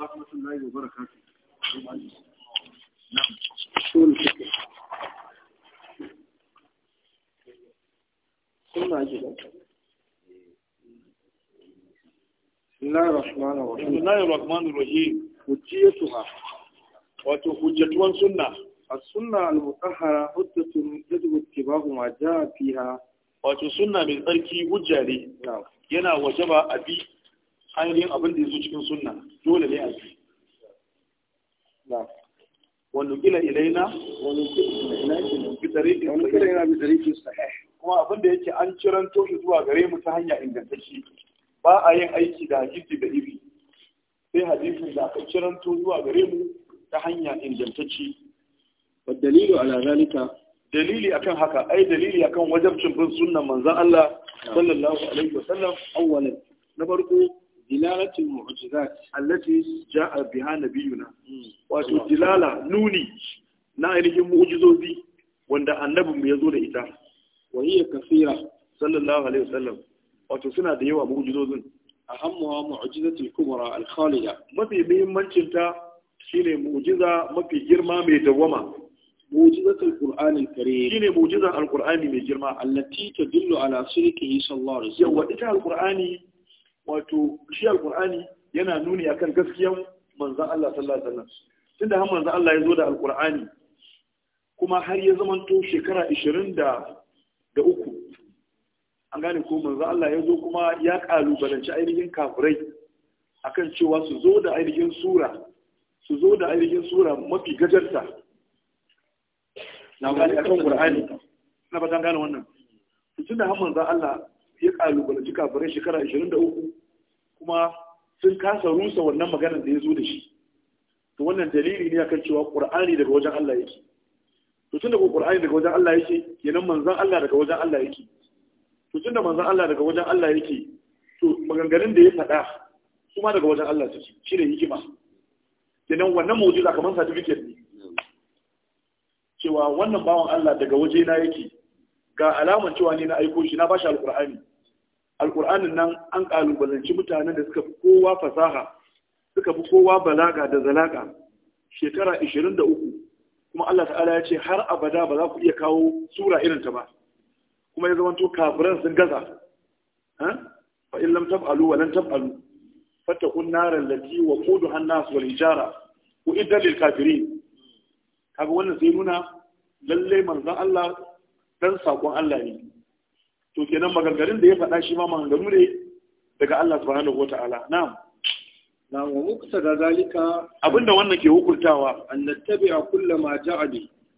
ورحمه الله وبركاته نعم ثم اجل بسم الله الرحمن الرحيم بسم الله الرحمن الرحيم حجيتها wato hujjatuwan sunna a sunna al-mutahara hujjatun yadda ke ba ma ja fiha wato sunna mai tsarki hujja yana waje ba a bi ainihin abin da ya zo cikin sunna dole ne a yi wani kila ilaina wani yana bitarikin kuma abin da yake an ciran shi zuwa gare mu ta hanya ingantacce ba a yin aiki da hadisi da iri sai hadisin da aka to zuwa gare mu ta hanya ingantacce dalilu ala zalika dalili akan haka ai dalili akan wajabcin bin sunnan manzon Allah sallallahu alaihi wasallam awwalan na farko dilalatul mu'jizat allati ja'a biha nabiyuna hmm. wato dilala nuni na ainihin mu'jizozi wanda annabin mu yazo da ita wa hiya kaseera sallallahu alaihi wasallam wato suna da yawa mu'jizozin ahammuha mu'jizatul kubra al-khalida mafi muhimmancin shine mu'jiza mafi girma mai dawama mu'jizatul qur'anil karim shine mu'jizar alqur'ani mai girma allati tadullu ala sirrihi sallallahu alaihi wato shi alkur'ani yana nuni akan gaskiyan manzan Allah sallallahu alaihi wasallam tunda har manzan Allah ya zo da alkur'ani kuma har ya to shekara 20 da da uku an gane ko manzan Allah ya zo kuma ya kalubalanci ainihin kafirai akan cewa su zo da ainihin sura su zo da ainihin sura mafi gajarta na gane akan qur'ani na ba gane wannan tunda har manzan Allah ya kalubalanci kafirai shekara 23 kuma sun kasa rusa wannan maganar da ya zo da shi to wannan dalili ne akan cewa qur'ani daga wajen Allah yake to tunda ko qur'ani daga wajen Allah yake kenan manzon Allah daga wajen Allah yake to tunda manzon Allah daga wajen Allah yake to maganganun da ya faɗa kuma daga wajen Allah suke shine hikima kenan wannan mu'jiza kamar certificate ne cewa wannan bawan Allah daga waje na yake ga alaman cewa ne na aiko shi na bashi alqur'ani alƙur'anin nan an ƙalubalanci mutanen da suka fi kowa fasaha suka fi kowa balaga da zalaƙa, shekara 23 kuma Allah ta'ala ya ce har abada ba za ku iya kawo sura irin ta ba kuma ya zama to kafiran sun gaza fa in lam taf'alu wa lan taf'alu fattakun naral lati wa quduha an-nas wal hijara uidda lil kafirin kaga wannan sai nuna lalle manzon Allah dan sakon Allah ne to kenan maganganun da ya faɗa shi ma maganganu ne daga Allah subhanahu wata'ala na'am na wa mukta da zalika abinda wannan ke hukuntawa an nattabi'a kullu ma ja'a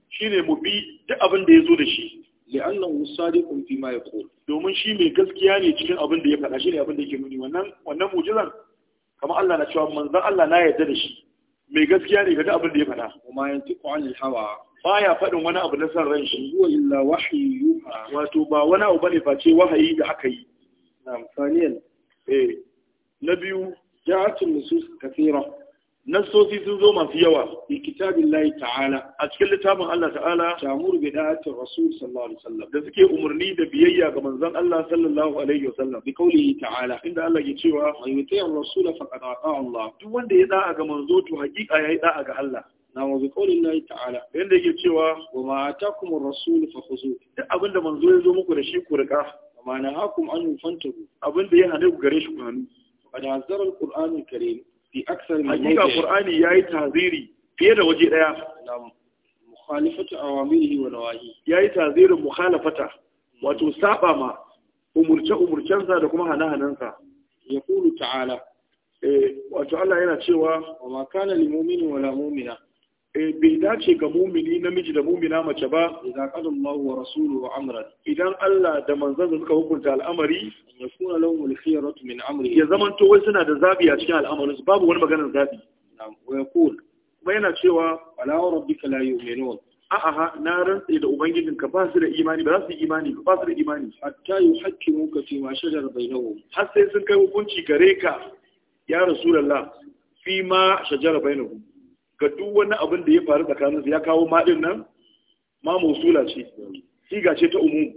shine mu bi duk abin da yazo da shi li'annahu sadiqun fi ma yaqul domin shi mai gaskiya ne cikin abin da ya faɗa shi ne abin da yake nuni wannan wannan mu'jizar kamar Allah na cewa manzon Allah na yarda da shi mai gaskiya ne ga abin da ya faɗa kuma yantiqu anil hawa baya faɗin wani abu na san ran shi huwa illa wahyi wato ba wani abu bane face wahayi da aka yi na'am saniyan eh na biyu ja'atul nusus kathira nasosi sun zo masu yawa fi kitabillahi ta'ala a cikin littafin Allah ta'ala ta'muru bi da'ati rasul sallallahu alaihi wasallam da suke umarni da biyayya ga manzon Allah sallallahu alaihi wasallam bi qawlihi ta'ala inda Allah ke cewa ayyuti ar-rasul faqad ata'a Allah duk wanda ya da'a ga manzo to hakika yayi da'a ga Allah na wa biqawli Allah ta'ala yanda yake cewa wa ma atakum ar-rasul fa duk abinda manzo ya zo muku da shi ku rika amma na hakum an ku abinda ya hane ku gare shi kuma ni qad da al-qur'an kare karim fi akthar min hakika qur'ani yi taziri fiye da waje daya mukhalifatu awamirihi wa nawahi yi tazirin mukhalafata wato saba ma umurce umurcensa da kuma hana-hanansa kulu ta'ala eh, wato Allah yana cewa wa ma kana lil mu'mini wa mu'mina Eh, bai dace ga mumini namiji da mumina mace ba idan allahu wa rasuluhu amran idan Allah da manzon suka hukunta al'amari ya kuna lahum al-khiyaratu min amri ya zaman to wai suna da zabi a cikin al'amarin su babu wani maganar zabi wa yaqul kuma yana cewa ala rabbika la yu'minun a'a ha na rantsa da ubangijin ka ba su da imani ba za su yi imani ba su da imani hatta yuhakkimu ka fi ma shajara bainahum har sai sun kai hukunci gare ka ya rasulullah fi ma shajara bainahum ga duk wani abin da ya faru tsakanin su ya kawo maɗin nan ma mausula ce siga ce ta umu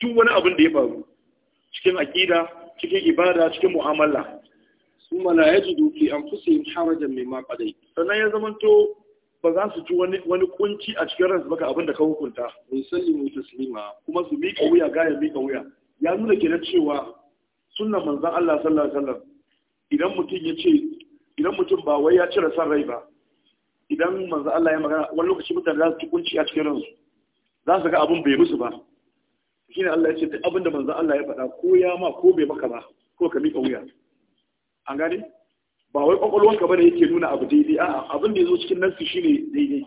duk wani abin da ya faru cikin aƙida cikin ibada cikin mu'amala sun mana ya ji duki an fusa yin harajan mai maƙadai sannan ya zama to ba za su ci wani kunci a cikin ransu baka abin da ka hukunta mun sallimu taslima kuma su miƙa wuya gaya miƙa wuya ya nuna kenan cewa sunan manzan Allah sallallahu alaihi wasallam idan mutum ya ce idan mutum ba wai ya cire san rai ba idan manzo Allah ya magana wani lokaci mutane za su ci kunci a cikin ransu za su ga abin bai musu ba shine Allah ya ce duk abin da manzo Allah ya faɗa ko ya ma ko bai maka ba ko ka miƙa wuya an gane ba wai kwakwalwanka bane yake nuna abu daidai a'a abin da ya zo cikin nan shine daidai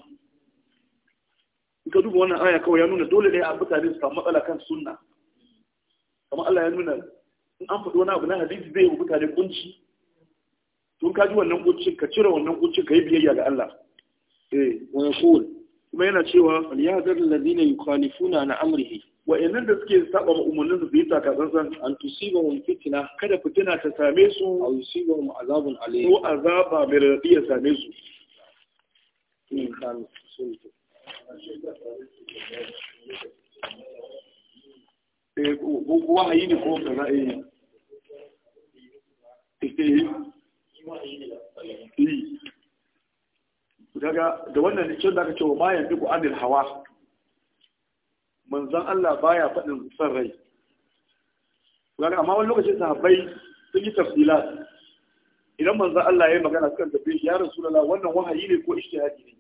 in ka duba wannan aya kawai ya nuna dole ne a mutane su samu matsala kan sunna kamar Allah ya nuna in an faɗi wani abu na hadisi zai yi mutane kunci tun ka ji wannan kuncin ka cire wannan kuncin ka yi biyayya ga Allah Eh, wa yaqul kuma yana cewa falyadhar alladhina na an amrihi wa innan da suke saba ma umurnin su bi takatsantsan an tusibahum fitna kada fitina ta same su aw yusibahum azabun alim ko azaba mai same su daga da wannan nikin da aka ce wa ma duk ku anil hawa manzon Allah baya faɗin son rai daga amma wani lokacin sahabbai sun yi tafsila idan manzon Allah ya yi magana suka tafi ya rasulullah wannan wahayi ne ko ishtihadi ne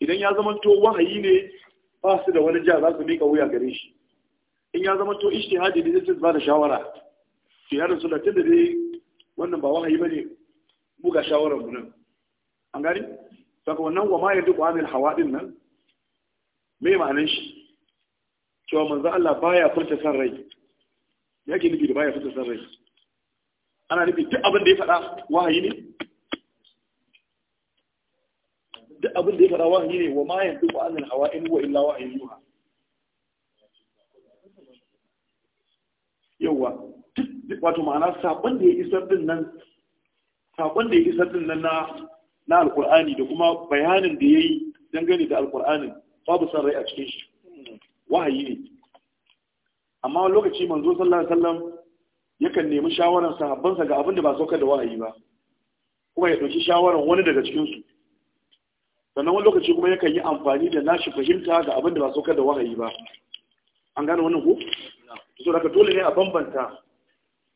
idan ya zama to wahayi ne ba su da wani ja za su mika wuya gare shi in ya zama to ishtihadi ne zai ba da shawara to ya rasulullah tunda dai wannan ba wahayi bane ne, buga shawaran mu nan an gani saka wannan wa ma yanzu anil hawa din nan me ma'anar shi cewa manzo Allah baya furta san rai yake nufi da baya furta san rai ana nufi duk abin da ya faɗa wahayi ne duk abin da ya faɗa wahayi ne wa ma yanzu anil hawa in wa illa wahayi yuha yawa wato ma'ana saƙon da ya isar din nan saƙon da ya isar din nan na na alkur'ani da kuma bayanin da ya yi dangane da alkur'anin babu son rai a cikin shi wahayi ne amma lokaci manzo sallallahu alaihi wasallam yakan nemi shawaran sahabbansa ga abin da ba saukar da wahayi ba kuma ya ɗauki shawaran wani daga cikin su sannan wani lokaci kuma yakan yi amfani da nashi fahimta ga abin da ba saukar da wahayi ba an gane wannan ko so daga dole ne a bambanta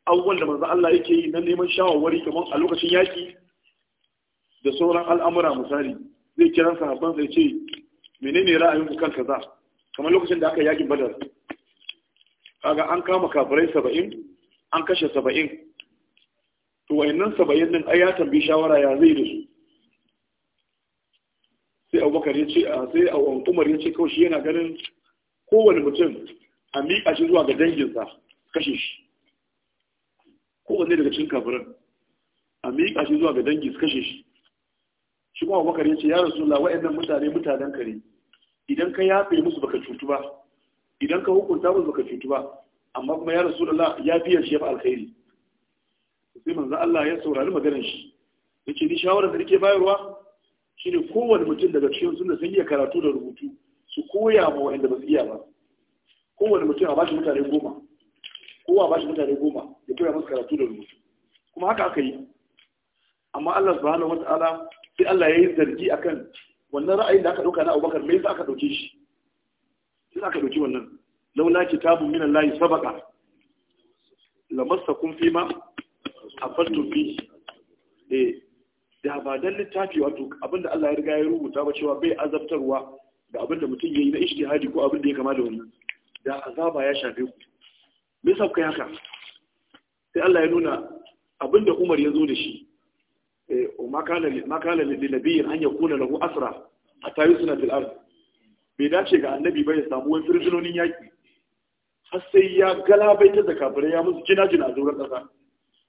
abubuwan da manzo Allah yake yi na neman shawarwari kamar a lokacin yaki da sauran al'amura misali zai kiran sahabban sai ce menene ra'ayin kan kaza kamar lokacin da aka yakin badar kaga an kama kafirai saba'in an kashe saba'in to wayannan saba'in din ai ya tambayi shawara ya zai da su sai abubakar ya ce sai umar ya ce kawai shi yana ganin kowane mutum a miƙa shi zuwa ga danginsa kashe shi kowane daga cikin kafirin a miƙa shi zuwa ga dangi su kashe shi shi kuma abubakar ya ce ya la wa'annan mutane mutanen kare idan ka yafe musu baka cutu ba idan ka hukunta musu baka cutu ba amma kuma ya rasu la ya biya shi ya fi alkhairi sai manzo Allah ya saurari maganar shi yace ni shawarar da nake bayarwa shine kowanne mutum daga cikin sunna sun iya karatu da rubutu su koya ma wa'anda ba su iya ba kowanne mutum a bashi mutane goma kowa bashi mutane goma ya koya musu karatu da rubutu kuma haka aka yi amma Allah subhanahu wataala sai Allah ya yi zargi a kan. wannan ra'ayin da aka ɗauka na Abubakar me yasa aka ɗauke shi sai aka ɗauki wannan laula tabu min Allah sabaqa lamassakum fima kun fi eh da ba don littafi wato abinda Allah ya riga ya rubuta ba cewa bai azabtarwa da abinda mutum ya yi na ijtihadi ko abinda ya kama da wannan da azaba ya shafe ku me yasa kai haka sai Allah ya nuna abinda Umar ya zo da shi Eh, ma kana linabiyin an yakuna lahu asra hatta suna fil ard bai dace ga annabi bai ya samu wani firjinonin yaki har sai ya galabaitar da kafirai ya musu jina jina a zauren ƙasa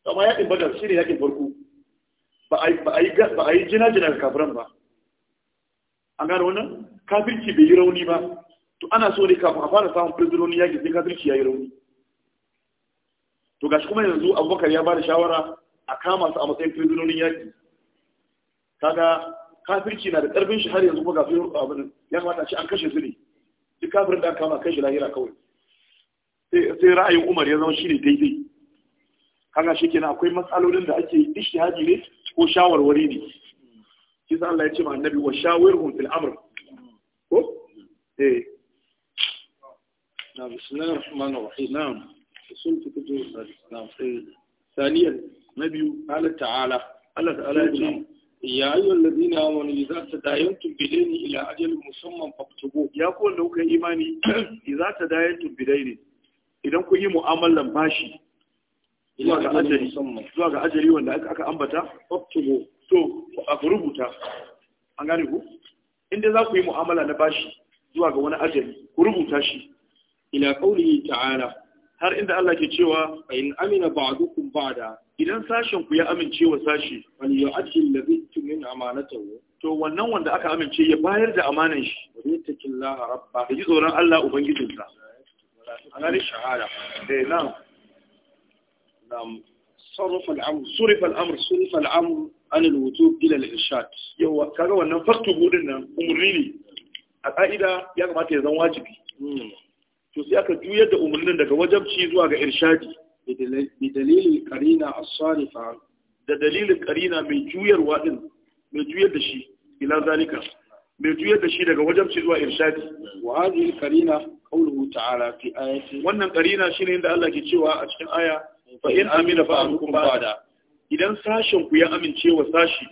amma yakin badar shine yakin farko ba a yi jina jina ga kafiran ba an gane wannan kafirci bai yi rauni ba to ana so ne kafin a fara samun firjinonin yaki sai kafirci ya yi rauni to gashi kuma yanzu abubakar ya ba da shawara a kama su a matsayin prisonin yaki kaga kafirci na da karfin shi har yanzu kuma kafin abin ya kamata ce an kashe su ne duk kafirin da aka kama kai shi lahira kawai sai ra'ayin Umar ya zama shine daidai kaga kenan akwai matsalolin da ake ishtihadi ne ko shawarwari ne sa Allah ya ce ma annabi wa shawirhum fil amr ko eh na bismillahir rahmanir rahim na'am sun tukudu na sai ثانيا نبي قال تعالى الله تعالى يا أيها الذين آمنوا إذا تداينتم بدين إلى أجل مسمى فاكتبوه يا أخوان لو كان إيماني إذا تداينتم بدين إذا كنت مؤاملا باشي zuwa ga ajali zuwa ga ajali wanda aka ambata faktubu to a rubuta an gane ku inda za ku yi mu'amala na bashi zuwa ga wani ajali ku rubuta shi ila qauli ta'ala har inda Allah ke cewa in amina ba'dukum ba'da idan sashen ku ya amince wa sashi wal yu'addi alladhi tumin amanatahu to wannan wanda aka amince ya bayar da amanan shi wani taqillaha rabba Ka ji tsoron Allah ubangijinsa anani shahada eh na'am na'am sarrafa al'amr surifa al'amr surifa al'amr an al-wujub ila al-irshad yawa kaga wannan faktu budin nan umurni ne a ka'ida ya kamata ya zama wajibi hmm. to sai aka juyar da umarnin daga wajabci zuwa ga irshadi bi dalilin karina as-sarifa da dalilin karina mai juyarwa din mai juyar da shi ila zalika mai juyar da shi daga wajabci zuwa irshadi wa hadhihi karina qawluhu ta'ala fi ayati wannan karina shine inda Allah ke cewa a cikin aya fa in amina fa amukum ba'da idan sashen ku ya amince wa sashi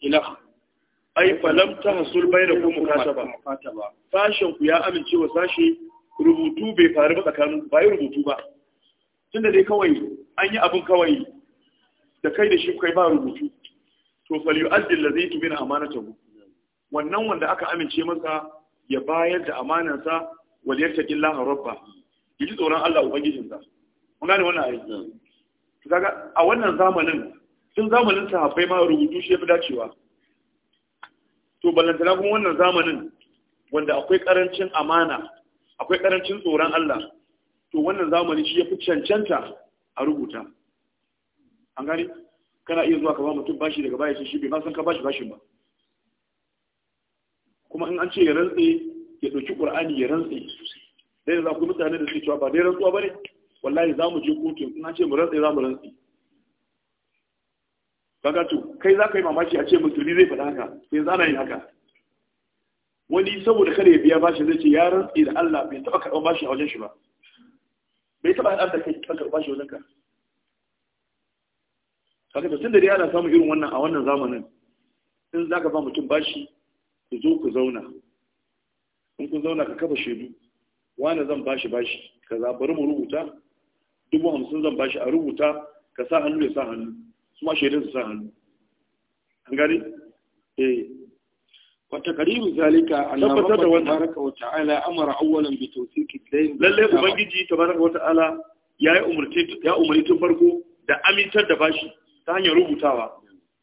ila ai falam tahsul kata mukataba sashen ku ya amince wa sashi rubutu bai faru ba tsakanin ba yi rubutu ba tun da dai kawai an yi abin kawai da kai da shi kai ba rubutu to fal yu'addil ladhi tumina amanatahu wannan wanda aka amince masa ya bayar da amanarsa wal yattaqillaha rabba yaji tsoron Allah sa. mun gane wannan ayi kaga a wannan zamanin tun zamanin sahabbai ma rubutu shi ya fi dacewa to ballantana kuma wannan zamanin wanda akwai karancin amana akwai karancin tsoron Allah to wannan zamani shi ya fi cancanta a rubuta an gani kana iya zuwa ka ba mutum bashi daga bayan shi bai san ka bashi bashin ba kuma in an ce ya rantse ya ɗauki ƙur'ani ya rantse dai da za ku mutane da suke cewa ba dai rantsuwa ba ne wallahi za mu je kotun in an ce mu rantse za mu rantse kaga to kai za ka yi mamaki a ce musulmi zai faɗa haka sai zana yi haka wani saboda kada ya biya bashi zai ce ya idan da Allah bai taɓa karɓar bashi a wajen shi ba bai taɓa haɗar da kai karɓar bashi wajen ka kaga tun da dai ana samun irin wannan a wannan zamanin in za ka ba mutum bashi ku zo ku zauna in kun zauna ka kafa shaidu wane zan bashi bashi ka zaɓari mu rubuta dubu hamsin zan bashi a rubuta ka sa hannu ya sa hannu su ma shaidun su sa hannu an gani eh وتقرير ذلك أن ربنا تبارك وتعالى أمر أولا بتوثيق الدين لله أبنجي تبارك وتعالى يا أمرتي يا أمرتي فرقو da amintar da bashi ta hanyar rubutawa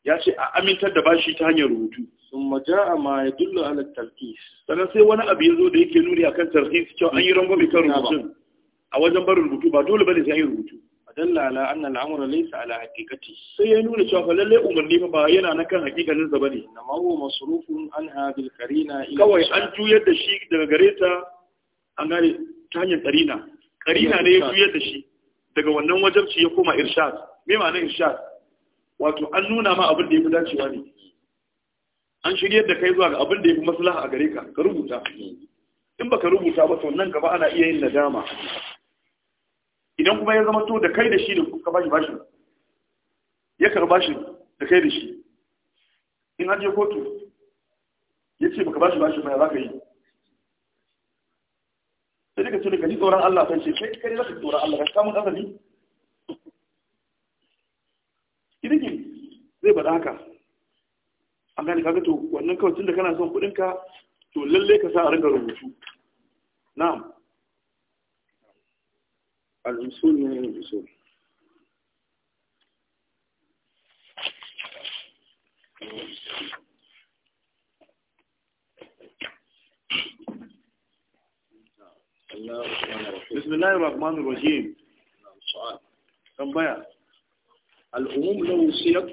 ya ce a amintar da bashi ta hanyar rubutu sun maja a ma ya dullo ala tarkis sannan sai wani abu ya zo da yake nuni kan tarkis cewa an yi rangwame kan rubutun a wajen barin rubutu ba dole bane sai an yi rubutu dalla ala anna al'amra laysa ala haqiqati sai ya nuna cewa lalle umarni ba yana na kan hakikalin sa bane na mahu masrufun an hadil qarina kawai an juyar da shi daga gareta ta an gane ta hanyar qarina qarina ne ya juyar da shi daga wannan wajabci ya koma irshad me ma'anar irshad wato an nuna ma abin da yafi dacewa ne an shiryar da kai zuwa ga abin da yafi maslaha a gare ka ka rubuta in baka rubuta ba to nan gaba ana iya yin nadama idan kuma ya zama to da kai da shi da kuka bashi bashi ya karba shi da kai da shi in an je kotu ya ce baka bashi bashi mai za ka yi sai daga ce daga ji tsoron Allah sai ce kai kare zaka tsoron Allah ka samu azali kidikin zai bada haka an gane kaga to wannan kawai tunda kana son kuɗin ka to lalle ka sa a ringa rubutu na'am الأصول من الأصول بسم الله الرحمن الرحيم tambaya al'umum lahu siyaq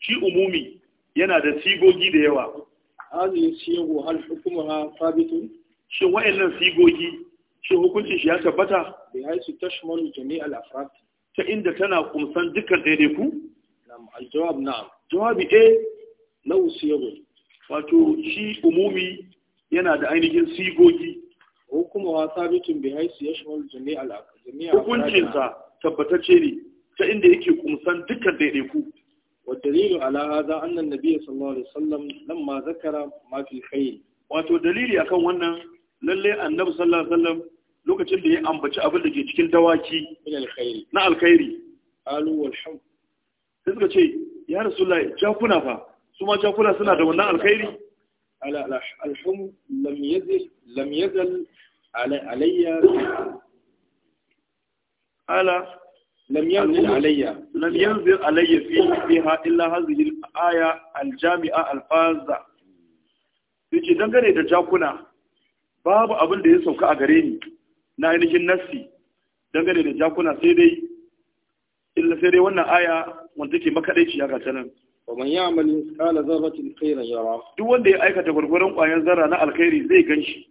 shi umumi yana da sigogi da yawa hadhihi siyagu hal hukmuha thabitun shi wa'annan sigogi shi hukuncin shi ya tabbata bi haisu tashmalu jami'al afrad ta inda tana kumsan dukkan daidaiku na'am aljawab na. jawabi a eh, lahu siyabu wato shi umumi yana da ainihin sigogi hukumawa sabitun bi haisu yashmalu jami'al jami'al hukuncin sa tabbatacce ne ta inda yake kumsan dukkan daidaiku والدليل على هذا أن النبي صلى الله عليه وسلم لما ma ما في الخيل wato dalili akan wannan lalle annabi sallallahu alaihi wasallam lokacin da ya ambaci abin da ke cikin dawaki na alkhairi alu sai suka ce ya rasulullahi jakuna fa su ma jakuna suna da wannan alkhairi lam yazal alayya ala lam yanzil alayya lam yanzil alayya fi fiha illa hadhihi al-aya al-jami'a al-faza yace dangane da jakuna babu abin da ya sauka a gare ni na ainihin nassi dangane da jakuna sai dai illa sai dai wannan aya wanda take makadaici ya gata nan wa man ya'mal misqala zarratin khairan yara duk wanda ya aikata gurgurun kwayan zarra na alkhairi zai ganshi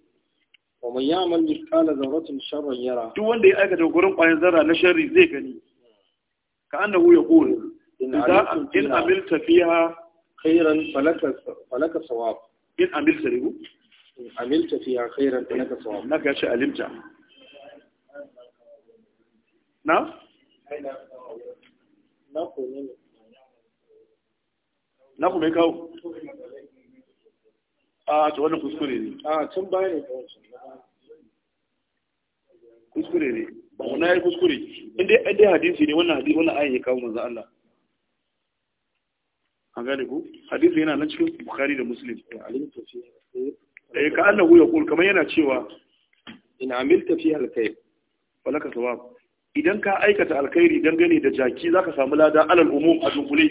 wa man ya'mal misqala zarratin sharran yara duk wanda ya aikata gurgurun kwayan zarra na sharri zai gani ka annahu idza in amilta fiha khairan falaka falaka sawab in amilta rihu amilta fiha khairan falaka sawab naka shi alimta na? na kuma mai kawo a ta wannan kuskure ne a can baya kuskure ne ba wani yi kuskure inda hadisi ne wannan hadisi wannan ayin ya kawo manzo Allah an gane ku hadisi yana nan cikin bukari da muslim eh ka annahu yaqul kamar yana cewa in amilta fi alkayf falaka sawab idan ka aikata alkhairi dangane da jaki zaka samu ladan alal umum a dunkule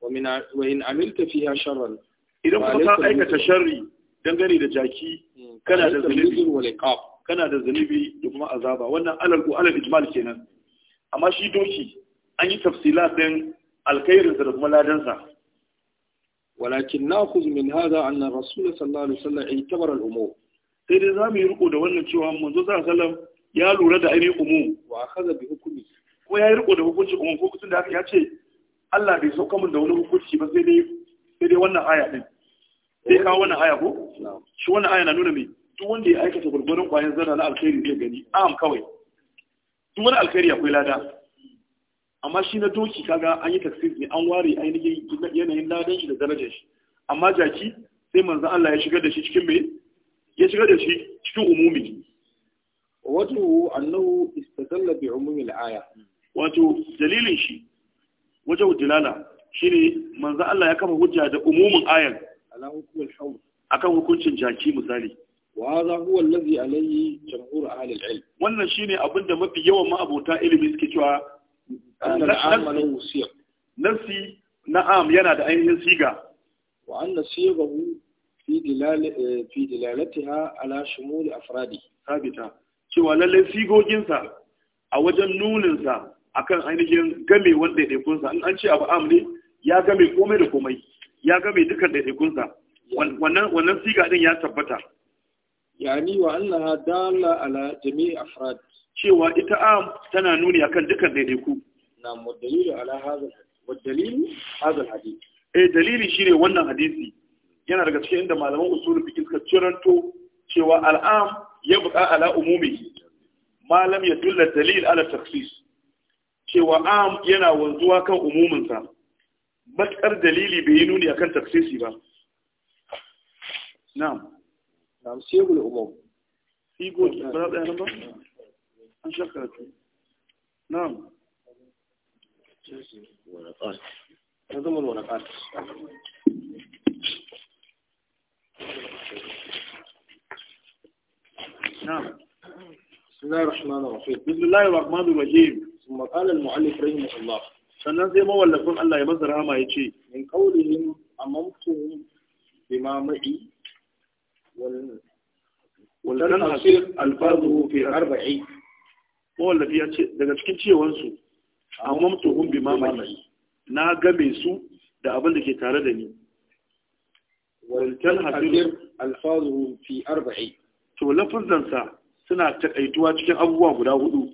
wa min wa in amilta fiha sharran idan kuma ka aikata sharri dangane da jaki hmm, kana da zunubi wal iqab kana da zunubi da kuma azaba wannan alal alal ijmal kenan amma shi doki an yi tafsila din alkhairin da kuma ladan sa walakin na'khudh min hadha anna rasul sallallahu alaihi wasallam i'tabara al umur sai dai zamu yi riko da wannan cewa manzo sallallahu alaihi wasallam ya lura da ainihin umu wa kaza bi hukumi ko ya yi riko da hukunci umu ko kusin da aka ya ce Allah bai sauka min da wani hukunci ba sai dai sai dai wannan aya din sai kawo wannan aya ko shi wannan aya na nuna me duk wanda ya aikata gurgurun kwayan zana na alkhairi zai gani am kawai duk wani alkhairi akwai lada amma shi na doki kaga an yi taksir ne an ware ainihin yanayin ladan shi da darajar shi amma jaki sai manzon Allah ya shigar da shi cikin me ya shigar da shi cikin umumi wato annahu istadalla bi umumil aya wato dalilin shi wajen dilala shine manzo Allah ya kama hujja da umumin ayan akan hukuncin jaki misali wa hadha huwa allazi alayhi jamhur ahli al-ilm wannan shine abinda mafi yawan ma'abota ilimi suke cewa nafsi na'am yana da ainihin siga wa anna sigahu fi eh, dilalatiha ala shumul afradi sabita cewa lallai sigoginsa a wajen nuninsa a kan ainihin game wanda ɗaiɗaikunsa in an ce abu am ne ya game komai da komai ya game dukkan ɗaiɗaikunsa wannan wannan siga din ya tabbata yani wa annaha dalla ala jami'i afrad cewa ita am tana nuni akan dukkan ɗaiɗaiku na mudalilu ala hadha wa dalilu hadha hadith eh dalili shine wannan hadisi yana daga cikin inda malaman usul fiqh suka ciranto cewa al'am yabqa ala umumihi ma lam yadull dalil ala takhsis cewa am yana wanzuwa kan umuminsa matsar dalili bai yi nuni akan taksisi ba Na na'am na'am sigul umum sigul ba da nan ba an shakka na'am نظم الورقات بسم الله الرحمن الرحيم بسم الله الرحمن الرحيم ثم قال المؤلف رحمه الله sannan sai mawallafin Allah ya masa rahama ya ce min qaulihim amamtuhum bima ma'i wal wal fi arba'i mawallafi ya ce daga cikin na game su da abin da ke tare da ni wal tanhasir fi arba'i to lafazansa suna takaituwa cikin abubuwa guda hudu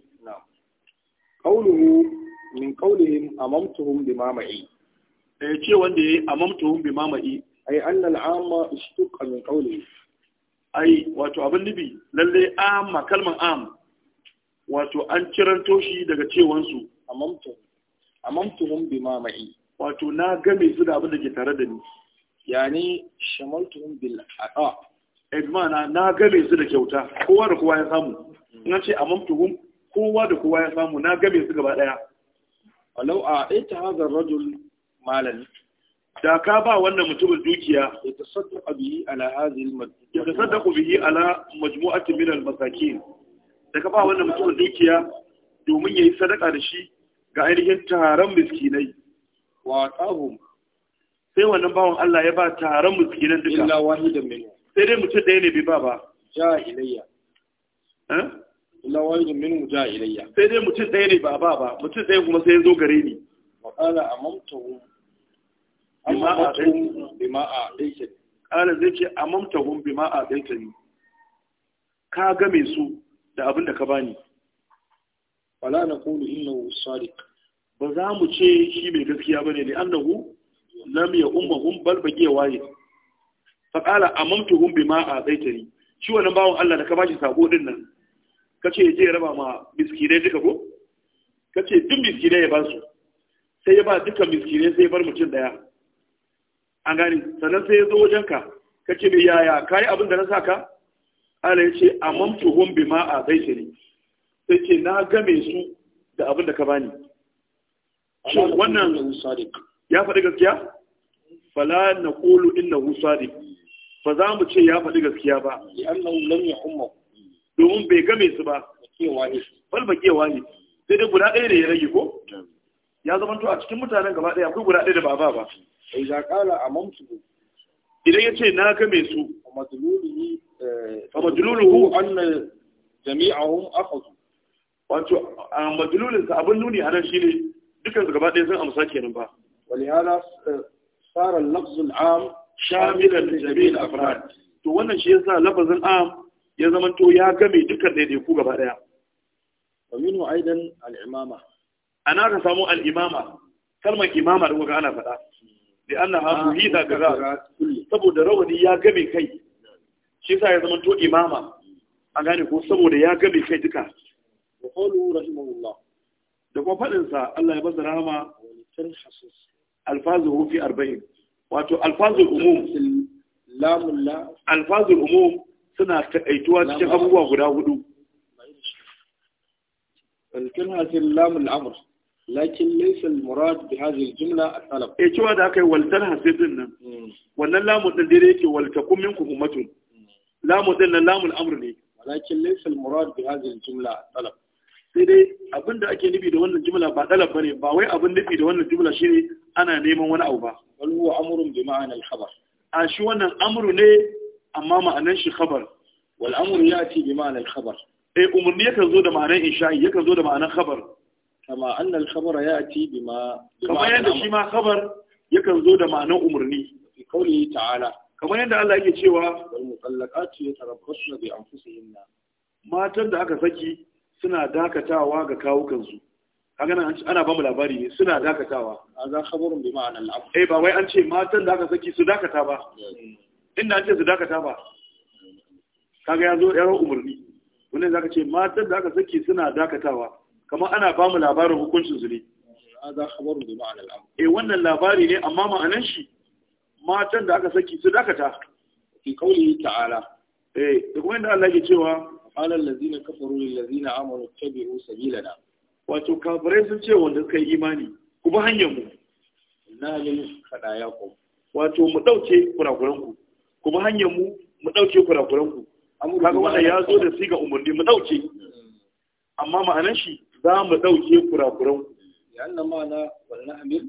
kauluhu min qawlihim amamtuhum bi mamai eh ce wanda yayi amamtuhum bi mamai ai annal amma ishtuqa min qawlihi ai wato abin nibi. lalle amma kalman am wato an ciranto shi daga su. amamtu amamtuhum bi mamai wato na game su da abin da ke tare da ni yani shamaltuhum bil aqa Eh, ijmana na game su da kyauta kowa da kowa ya samu na ce a mamtuhum kowa da kowa ya samu na game su gaba daya walau a ita hazar rajul malal da ka ba wannan mutumin dukiya ya tasaddaqu bihi ala hadhihi ya tasaddaqu bihi ala majmu'atin min al masakin da ka ba wannan mutumin dukiya domin yayi sadaka da shi ga ainihin taron miskinai wa tahum sai wannan bawon Allah ya ba taron miskinan duka illa wahidan minhum sai dai mutum ɗaya ne bi ba ba ja Eh? illa wani minhum ja ilayya sai dai mutum ɗaya ne ba ba ba mutum ɗaya kuma sai ya zo gare ni wa qala amamtahum amma a bima a daita qala zai ce amamtahum bima a daita ni ka game su da abin da ka bani wala na qulu innahu sadiq ba za mu ce shi mai gaskiya bane ne annahu lam ya ummahum bal bagiya wahid fa qala amamtuhum bima azaitani shi wannan bawon Allah da ka bashi sako din nan kace je raba ma miskinai duka ko kace duk miskinai ya ba su sai ya ba duka miskinai sai ya bar mutum daya an gani sannan sai ya zo wajen ka kace me yaya kai abin da na saka Allah ya ce amamtuhum bima azaitani sai ce na game su da abin da ka bani wannan ya faɗi gaskiya fala naqulu innahu sadiq ba za mu ce ya faɗi gaskiya ba nan ya yahumma domin bai game su ba ne bal ba kewa ne sai dai guda ɗaya da ya rage ko ya zama to a cikin mutanen gaba ɗaya akwai guda ɗaya da ba ba ba sai ya kala mamsu. idan ya ce na game su fa majluluhu eh, anna jami'ahum akhadhu wato a majlulin sa abin nuni a nan shi dukkan su gaba ɗaya sun amsa kenan ba walihada eh, sara lafzul am shamilan jami'in afrad to wannan shi yasa lafazin am ya zama to ya game dukkan daidaiku gaba daya wa minhu aidan al-imama ana ka samu al-imama kalmar imama da kuka ana faɗa da anna ha ah, muhita kaza saboda rawani ya game kai shi yasa ya zama to imama an gane ko saboda ya game kai duka wa qulu rahimahullah da kuma faɗinsa Allah ya basa rahama alfazuhu fi arba'in wato alfazul umum lamulla alfazul umum suna takaituwa cikin abubuwa guda hudu الكلمة اللام الأمر لكن ليس waltar بهذه الجملة nan. Hmm. Wannan شو هذا dai والتنها سيدنا ولا لام تدريك ولتكن منكم أمة لام تدريك لام الأمر لي ولكن ليس المراد بهذه الجملة الطلب sai dai abinda da ake nufi da wannan jumla ba ɗalab bane ba wai abin nufi da wannan jumla shine ana neman wani abu ba bal huwa amrun bi ma'ana al-khabar a shi wannan amru ne amma ma'anar shi khabar wal ya ci bi ma'ana al-khabar eh umurni yakan zo da ma'anar insha'i yakan zo da ma'anar khabar kama annal khabara yati bima kama yanda shi ma khabar yakan zo da ma'anar umurni fi qawli ta'ala kamar yadda Allah yake cewa wal mutallaqatu yatarabbasna bi anfusihinna matan da aka saki suna dakatawa ga kawukansu kagana nan ana ba mu labari ne suna dakatawa a za khabarun bi ma'anar al'am eh ba wai an ce matan da aka saki su dakata ba hmm. inda an ce su dakata ba kaga ya zo yaron umarni zaka ce matan da aka saki suna dakatawa kamar ana ba mu labarin hukuncin su ne a za khabarun bi ma'anar al'am eh wannan labari ne amma ma'anan shi matan da aka saki su dakata fi qawli ta'ala eh da kuma inda Allah ke cewa qala allazina kafaru lil ladina amanu tabi'u sabilana wato kafirai sun ce wanda suka yi imani ku bi hanyar mu na ya ku wato mu dauke kurakuran ku ku bi hanyar mu mu dauke kurakuran ku kaga wannan ya zo da siga umurni mu dauke amma ma'anar shi za mu dauke kurakuran ku ya annan ma'ana wal amil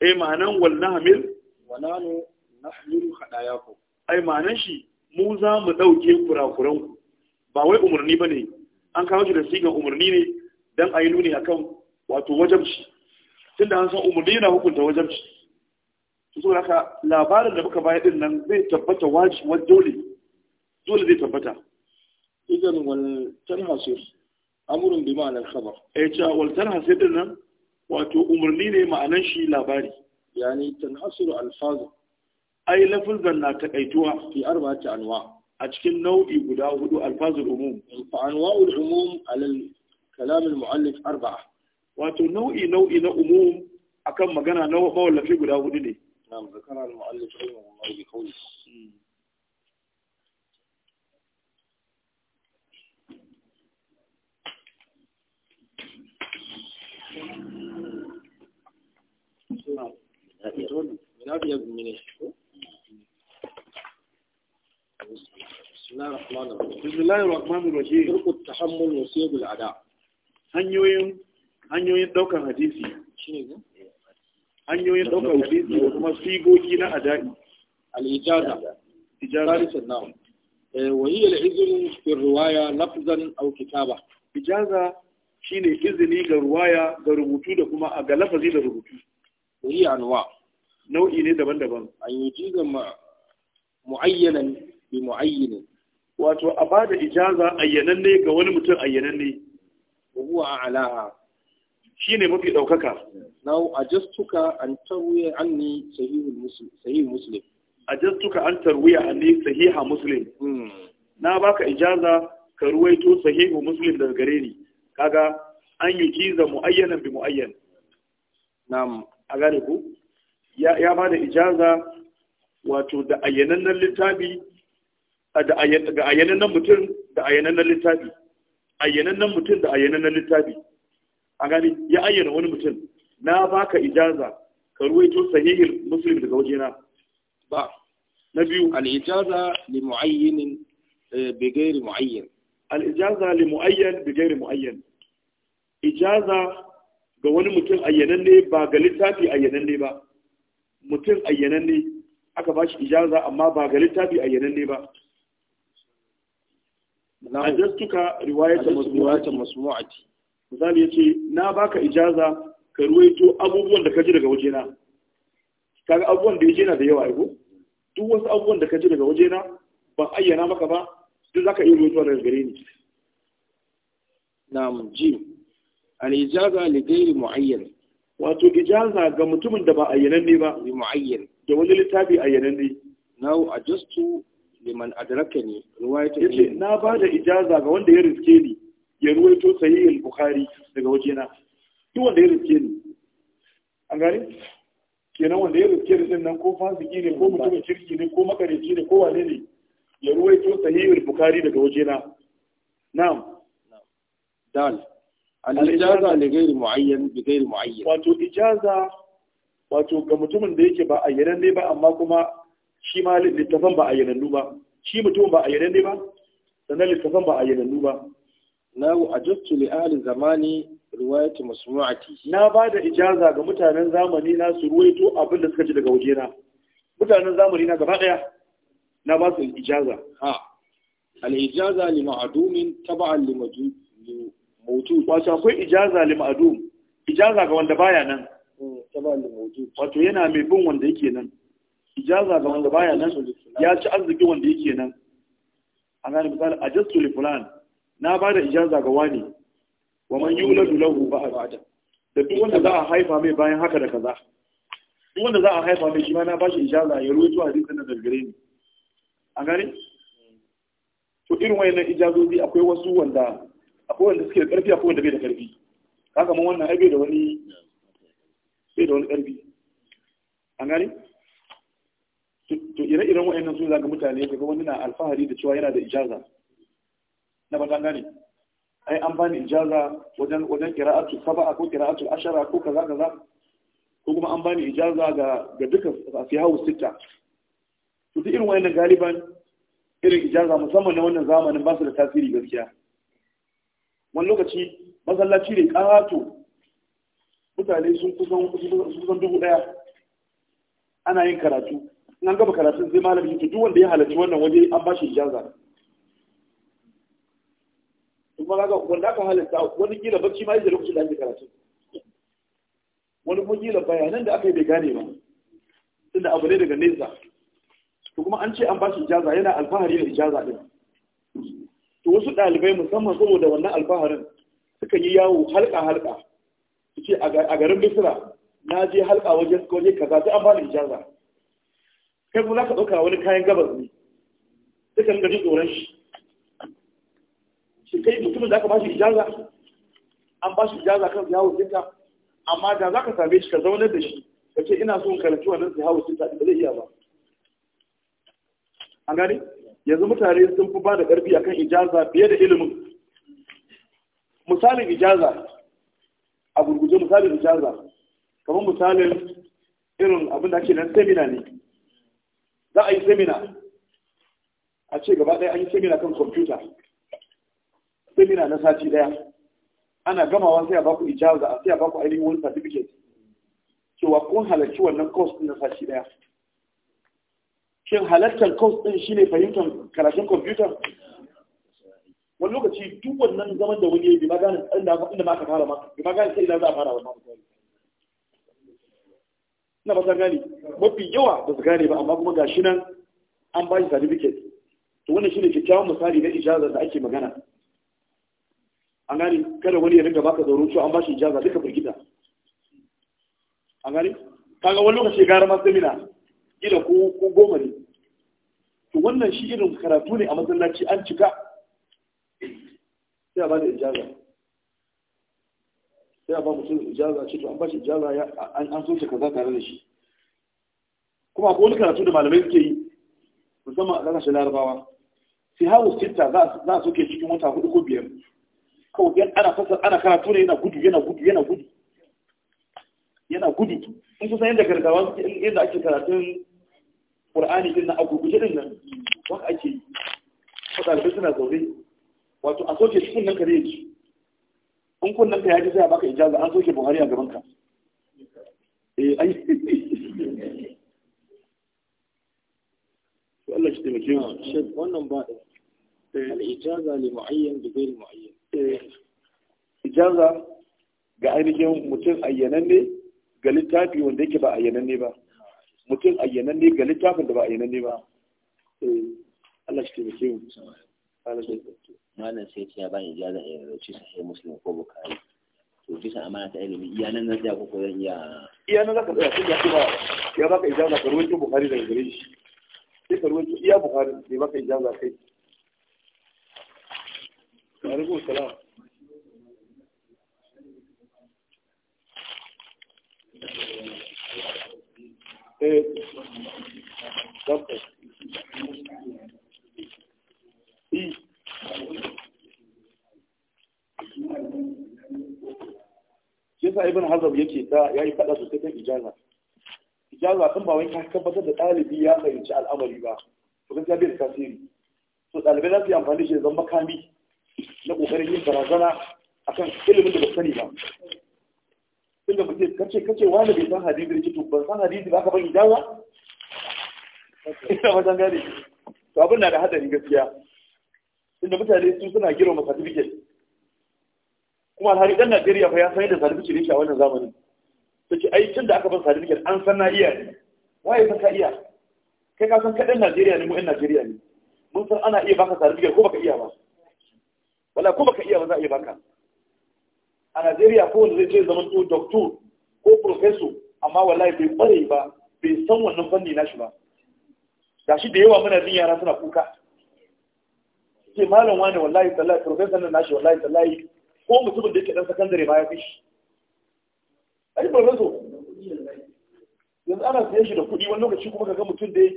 eh ma'anan wal nahmil wa nanu nahmilu khadayakum ai ma'anar shi mu za mu dauke kurakuran ku ba wai umurni bane an kawo shi da sigan umurni ne dan ayi nuni a kan wato wajabci tunda an san umarni yana hukunta wajabci to saboda haka labarin da muka bayar din nan zai tabbata wajibi dole dole zai tabbata idan wal tanhasir amurin bi ma'anar khabar eh cha wal tanhasir din nan wato umarni ne ma'anan shi labari yani tanhasir alfazu ai lafazan na takaituwa fi arba'ati anwa a cikin nau'i guda hudu alfazul umum fa anwa'ul umum alal كلام المؤلف أربعة وتنوء نوء نوعي أكم umum akan magana na mawallafi guda hudu ne نعم ذكر المؤلف رحمه الله بقوله بسم الله الرحمن الرحيم بسم الله الرحمن الرحيم ترك التحمل وسيب الأعداء hanyoyin hanyoyin ɗaukar hadisi hanyoyin ɗaukar hadisi da kuma sigogi na adai al-ijaza ijaza wani yana izinin al ruwaya eh, lafizan riwaya lafzan aw kitaba ijaza shine izini ga ruwaya ga rubutu da kuma a ga lafazi da rubutu wani hiya anwa nau'i ne daban-daban A an yujiza mu'ayyanan bi mu'ayyanin wato a da ijaza ayyananne ga wani mutum ayyananne a a'laha shine mafi daukaka now ajastuka an tarwiya an tarwiya sahiha muslim hmm. na baka ijaza ka ruwaito sahihu muslim daga gare ni kaga an yi kiza mu'ayyanan bi mu'ayyan na'am a gane ku ya ijaza wato da ayyanannen littafi da mutum da ayyanannen littafi ayyanannen mutum da ayyanannen littafi a gani ya ayyana wani mutum na baka ijaza ka ruwaito sahihin muslim daga wajena ba na biyu al'ijaza li mu'ayyin eh, bi ghairi Al'ijaza al li mu'ayyan bi mu'ayyan ijaza ga wani mutum ayyananne ba ga littafi ayyananne ba mutum ayyananne aka ba shi ijaza amma ba ga littafi ayyananne ba ajastuka riwayatan masmu'atan masmu'ati misali yace na baka ijaza ka ruwaito abubuwan da ka ji daga wajena kaga abubuwan da yaje na da yawa aiko duk wasu abubuwan da ka ji daga wajena ban ayyana maka ba duk zaka iya ruwaito daga gare ni na'am ji al ijaza li ghairi mu'ayyan wato ijaza ga mutumin da ba ayyanan ne ba li mu'ayyan da wani littafi ayyanan ne now ajastu liman adrakani ruwayatu yace na ba da ijaza ga wanda ya riske ni ya ruwaito sahih al-bukhari daga wajena duk wanda ya riske ni an gani? kenan wanda ya riske din nan ko fasiki ne ko mutumin kirki ne ko makareci ne ko wane ne ya ruwaito sahih al-bukhari daga wajena na'am dal al-ijaza li ghairi muayyan bi ghairi muayyan wato ijaza wato ga mutumin da yake ba a yaran ne ba amma kuma shi ma littafan ba a yanannu ba shi mutumin ba a yananne ba sannan littafan ba a yanannu ba na a jistu li alin zamani riwayati masmu'ati na ba da ijaza ga mutanen zamani na su ruwaito abin da suka ji daga wajena mutanen zamani na gaba daya na ba su ijaza ha al ijaza li ma'dumin tab'an li mawjud wato akwai ijaza li ma'dum ijaza ga wanda baya nan hmm, tab'an li mawjud wato yana mai bin wanda yake nan ijaza ga wanda baya nan ya ci arziki wanda yake nan a gane misali a jastu li fulan na ba da ijaza ga wani wa man yuladu lahu ba'da da duk wanda za a haifa mai bayan haka da kaza duk wanda za a haifa mai shi ma na ba shi ijaza ya ruwaito hadisin nan daga gare ni a gane to irin wayannan ijazozi akwai wasu wanda akwai wanda suke da karfi akwai wanda bai da karfi kaga mun wannan ai bai da wani bai da wani karfi an gane to ire-iren wa'annan su zaga mutane ga wani na alfahari da cewa yana da ijaza na ba gane ai an bani ijaza wajen wajen qira'atu sab'a ko qira'atu ashara ko kaza kaza ko kuma an bani ijaza ga ga duka asihawu sita to duk irin wa'annan galiban irin ijaza musamman na wannan zamanin ba su da tasiri gaskiya wani lokaci masallaci ne ƙato mutane sun kusan dubu ɗaya ana yin karatu nan gaba karatun zai malami yake duk wanda ya halarci wannan waje an ba shi ijaza kuma kaga wanda aka halarta wani kila bacci ma yake lokacin da ake karatu wani kuma kila bayanan da aka yi bai gane ba tunda abu ne daga nesa to kuma an ce an ba shi ijaza yana alfahari da ijaza din to wasu ɗalibai musamman saboda wannan alfaharin suka yi yawo halka halka su ce a garin bisira na je halka waje kaza sai an ba ni ijaza kai kuma za ka ɗauka wani kayan gabas ne sai ka rinka tsoron shi shi kai mutumin da aka ba shi ijaza an ba shi ijaza kan yawon jinka amma da za ka same shi ka zaunar da shi ka ce ina son karanci wannan sai hawa sun taɗi zai iya ba an gani yanzu mutane sun fi ba da ƙarfi akan ijaza fiye da ilimin misalin ijaza a gurguje misalin ijaza kamar misalin irin abin da ake nan semina ne za a yi seminar a ce gaba ɗaya an yi seminar kan kwamfuta seminar na sati ɗaya ana gamawa sai a baku ijaza a sai a baku ainihin wani certificate cewa kun halarci wannan course ɗin na sati ɗaya shin halartar course ɗin shine fahimtar karatun kwamfuta wani lokaci duk wannan zaman da wani ya yi bi ma gane inda ma ka fara ma bi gane sai ina za a fara wannan na ba zan gane mafi yawa ba su gane ba amma kuma ga shi nan an ba shi certificate to wannan shi ne kyakkyawan misali na ijazar da ake magana an gane kada wani ya riga baka zauro cewa an ba shi ijaza duka firgita an gane kaga wani lokaci gara ma semina gida ko ko goma ne to wannan shi irin karatu ne a masallaci an cika sai a ba da ijaza sai a ba mutum ijaza ce to an ba shi ijaza an soke kaza tare da shi kuma ko wani karatu da malamai suke yi musamman a shi larabawa sai hawa sita za a soke cikin wata hudu ko biyar kawai yan ana fasar ana karatu ne yana gudu yana gudu yana gudu yana gudu in kusan yadda gargawa suke yadda ake karatun qur'ani din na a gurguje din nan wanda ake yi wata ɗalibai suna zaune wato a soke cikin nan kare ya ci in kullum ka yaji sai a baka ijaza an soke buhari a gaban ka eh ai to Allah shi da mu shi wannan ba da eh. al ijaza li muayyan bi ghairi muayyan eh. ijaza ga ainihin mutum ayyananne ga littafi wanda yake ba ayyananne ba mutum ayyananne ga littafin da ba ayyananne ba eh. Allah shi da mu malam sai ce ya bani ijaza sahih muslim ko bukari to bisa amana ta ilimi iya nan zan tsaya ko ko zan iya iya nan zaka tsaya ya ba ya baka ijaza ka bukari gare shi sai ka iya bukari bai baka ijaza kai alaikum salam eh yasa ibn hazab yake da yayi fada su kan ijaza ijaza kan ba wai ka tabbatar da ɗalibi ya fahimci al'amari ba to gaskiya bai da tasiri to ɗalibai za su yi amfani shi zan makami na ƙoƙarin yin barazana akan ilimin da ba sani ba tunda mutum kace kace wani bai san hadisi ne to ban san hadisi ba ka ban ijaza ina ba san gane to abin na da hadari gaskiya inda mutane su suna girma certificate kuma alhari dan Najeriya fa ya san yadda zalunci ne shi a wannan zamanin sai ai tun da aka ban certificate an san na iya ne waye san ka iya kai ka san kaɗan Najeriya ne mu ɗan Najeriya ne mun san ana iya baka certificate ko baka iya ba wala ko baka iya ba za a iya baka a Najeriya ko wanda zai ce zaman to doctor ko professor amma wallahi bai kware ba bai san wannan fanni nashi ba shi da yawa muna jin yara suna kuka ce malam wani wallahi tallahi professor na nashi wallahi tallahi ko mutumin da yake dan sakandare ba ya fi shi ai ba razo yanzu ana siyan shi da kuɗi wani lokaci kuma kaga mutum da dai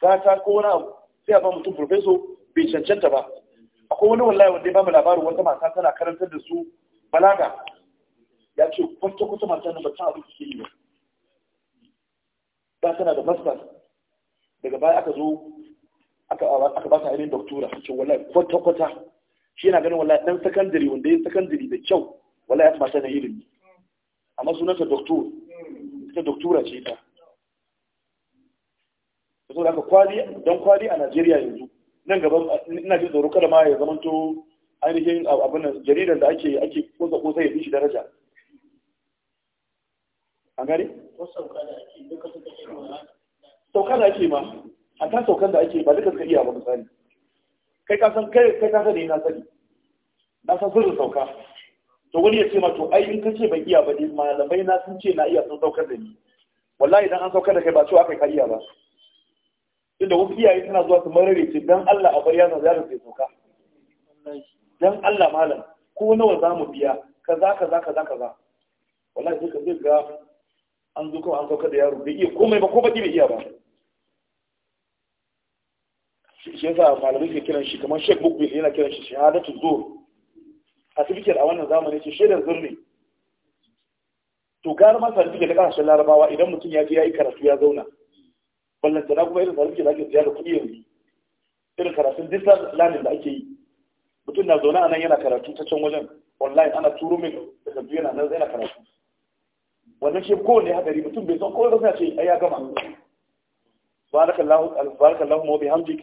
gata ko wani abu sai a ba mutum profeso bai cancanta ba akwai wani wallahi wanda ya ba mu labarin wata mata tana karantar da su balaga ya ce kwata kwata mata na ba ta abin ke yi ba ta tana da masters daga baya aka zo aka ba ta ainihin doctora ce wallahi kwata kwata shi yana ganin wallahi dan sakandare wanda yin sakandare da kyau wallahi ba fata da ilimi amma sunanta doktor ita doktora ce ta to da kwali don kwali a Najeriya yanzu nan gaban ina jin tsoro kada ma ya to ainihin abin nan jaridar da ake ake kosa kusa ya fi shi daraja an gane? sauka da ake ma a ta saukan da ake ba duka suka iya ba misali kai ka san kai kai ka sani na sani na san sirrin sauka to wani ya ce ma to ai in ka ce ban iya ba ne malamai na sun ce na iya sun saukar da ni wallahi idan an saukar da kai ba cewa kai ka iya ba inda wasu iyaye suna zuwa su marare ce dan Allah a bar yana zai sai sauka dan Allah malam ko nawa za mu biya kaza kaza kaza kaza wallahi sai ka zai ga an zo kawai an saukar da yaro bai iya komai ba ko baki bai iya ba shi yasa malamai ke kiran shi kamar Sheikh Mukbil yana kiran shi shahadatu zuhr a tifikir a wannan zamani ce shaidar zuhr ne to gara ma certificate da kasashen larabawa idan mutum ya je ya yi karatu ya zauna ballantana kuma irin certificate da ake siya da kuɗi yanzu irin karatun distance learning da ake yi mutum na zaune a nan yana karatu ta can wajen online ana turo min da kambiyo yana nan yana karatu wannan shi kowane hadari mutum bai san kowane ba sai ce ai ya gama barakallahu barakallahu wa bihamdik